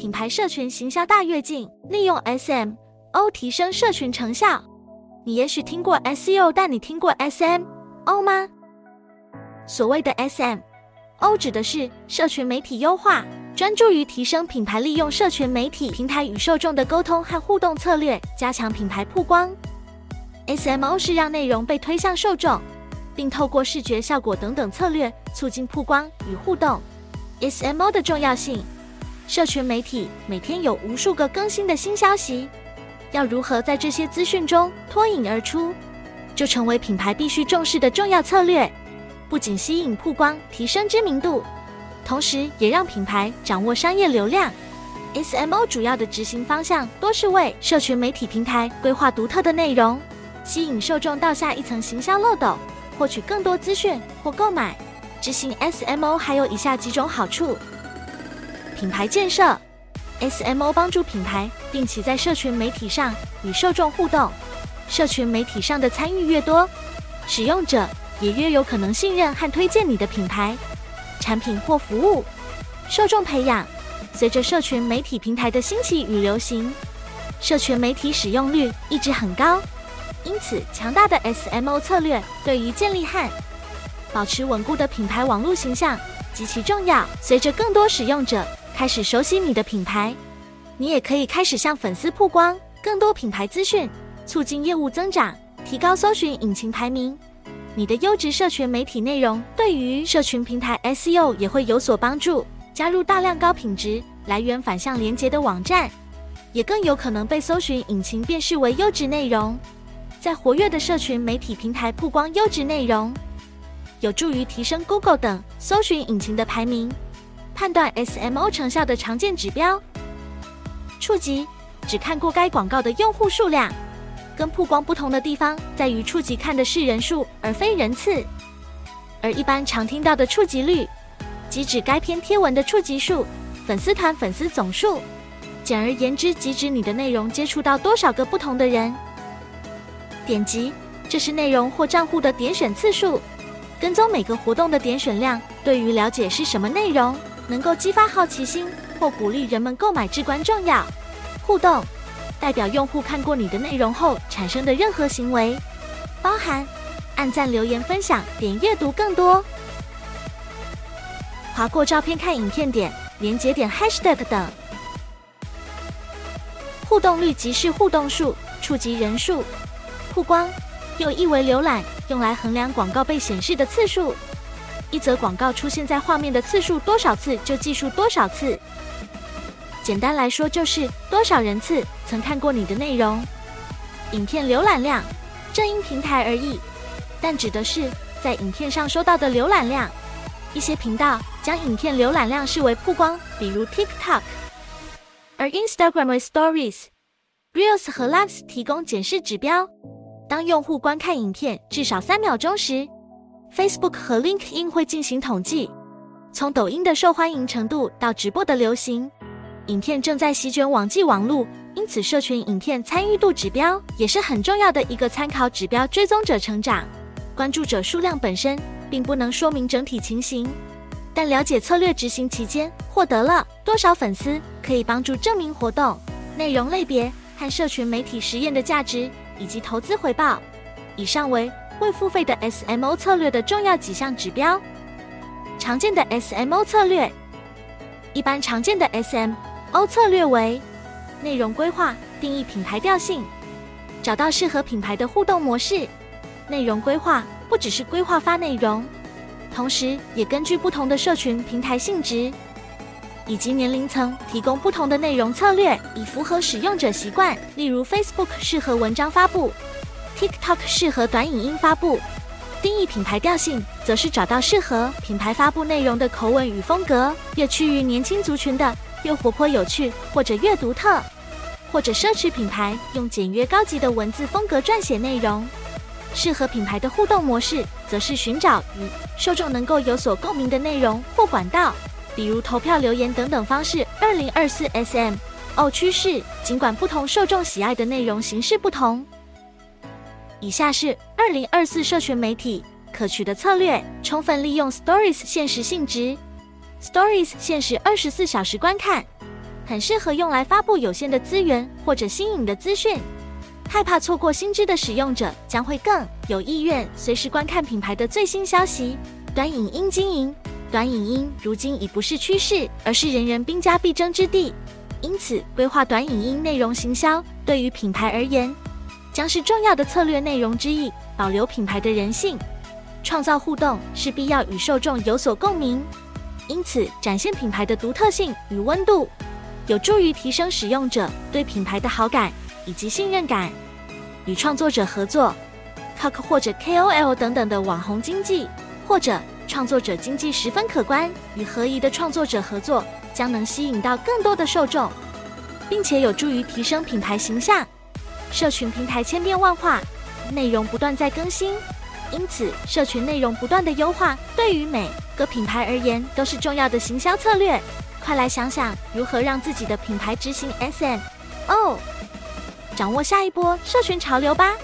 品牌社群行銷大躍進，利用 SMO 提升社群成效。你也許聽過 SEO，但你聽過 SMO 嗎？所謂的 SMO 指的是社群媒體優化，專注於提升品牌利用社群媒體平台與受眾的溝通和互動策略，加強品牌曝光。SMO 是讓內容被推向受眾，並透過視覺效果等等策略，促進曝光與互動。SMO 的重要性。社群媒體每天有無數個更新的新消息，要如何在這些資訊中脫穎而出，就成為品牌必須重視的重要策略。不僅吸引曝光、提升知名度，同時也讓品牌掌握商業流量。SMO 主要的執行方向多是為社群媒體平台規劃獨特的內容，吸引受眾到下一層行銷漏斗，獲取更多資訊或購買。執行 SMO 還有以下幾種好處。品牌建設，SMO 幫助品牌定期在社群媒體上與受眾互動。社群媒體上的參與越多，使用者也越有可能信任和推薦你的品牌、產品或服務。受眾培養，隨着社群媒體平台的興起與流行，社群媒體使用率一直很高。因此，強大的 SMO 策略對於建立和保持穩固的品牌網絡形象極其重要。隨着更多使用者。開始熟悉你的品牌，你也可以開始向粉絲曝光更多品牌資訊，促進業務增長，提高搜尋引擎排名。你的優質社群媒體內容對於社群平台 SEO 也會有所幫助。加入大量高品質、來源反向連接的網站，也更有可能被搜尋引擎辨識為優質內容。在活躍的社群媒體平台曝光優質內容，有助於提升 Google 等搜尋引擎的排名。判斷 SMO 成效的常見指標：觸及，只看過該廣告的用戶數量。跟曝光不同的地方在於，觸及看的是人數而非人次。而一般常聽到的觸及率，即指該篇貼文的觸及數，粉絲團粉絲總數。簡而言之，即指你的內容接觸到多少個不同的人。點擊，這是內容或賬戶的點選次數。跟蹤每個活動的點選量，對於了解是什麼內容。能夠激發好奇心或鼓勵人們購買至關重要。互動代表用戶看過你的內容後產生的任何行為，包含按讚、留言、分享、點閱讀更多、劃過照片看影片、點連結、點 hashtag 等。互動率即是互動數，觸及人數。曝光又譯為瀏覽，用來衡量廣告被顯示的次數。一則廣告出現在畫面的次數多少次，就計數多少次。簡單來說，就是多少人次曾看過你的內容。影片瀏覽量，正因平台而異，但指的是在影片上收到的瀏覽量。一些頻道將影片瀏覽量視為曝光，比如 TikTok。而 Instagram with Stories、Reels 和 Lives 提供檢視指標，當用戶觀看影片至少三秒鐘時。Facebook 和 LinkedIn 會進行統計，從抖音的受歡迎程度到直播的流行，影片正在席捲網際網路，因此社群影片參與度指標也是很重要的一個參考指標。追蹤者成長、關注者數量本身並不能說明整體情形，但了解策略執行期間獲得了多少粉絲，可以幫助證明活動、內容類別和社群媒體實驗的價值以及投資回報。以上為。會付費的 S M O 策略的重要幾項指標。常見的 S M O 策略，一般常見的 S M O 策略為：內容規劃、定義品牌調性、找到適合品牌的互動模式。內容規劃不只是規劃發內容，同時也根據不同的社群平台性質以及年齡層，提供不同的內容策略，以符合使用者習慣。例如，Facebook 適合文章發布。TikTok 適合短影音發佈，定義品牌調性，則是找到適合品牌發佈內容的口吻與風格，越趨於年輕族群的，越活潑有趣，或者越獨特，或者奢侈品牌用簡約高級的文字風格撰寫內容。適合品牌的互動模式，則是尋找與受眾能夠有所共鳴的內容或管道，比如投票、留言等等方式。2024 SMO 趨勢，儘管不同受眾喜愛的內容形式不同。以下是二零二四社群媒體可取的策略：充分利用 Stories 限時性質，Stories 限時二十四小時觀看，很適合用來發布有限的資源或者新穎的資訊。害怕錯過新知的使用者將會更有意願隨時觀看品牌的最新消息。短影音經營，短影音如今已不是趨勢，而是人人兵家必爭之地。因此，規劃短影音內容行銷對於品牌而言。將是重要的策略內容之一，保留品牌的人性，創造互動勢必要，與受眾有所共鳴。因此，展現品牌的獨特性與溫度，有助於提升使用者對品牌的好感以及信任感。與創作者合作，KOC 或者 KOL 等等的網紅經濟，或者創作者經濟十分可觀，與合宜的創作者合作將能吸引到更多的受眾，並且有助於提升品牌形象。社群平台千變萬化，內容不斷在更新，因此社群內容不斷的優化對於每個品牌而言都是重要的行銷策略。快來想想如何讓自己的品牌執行 SMO，oh，掌握下一波社群潮流吧！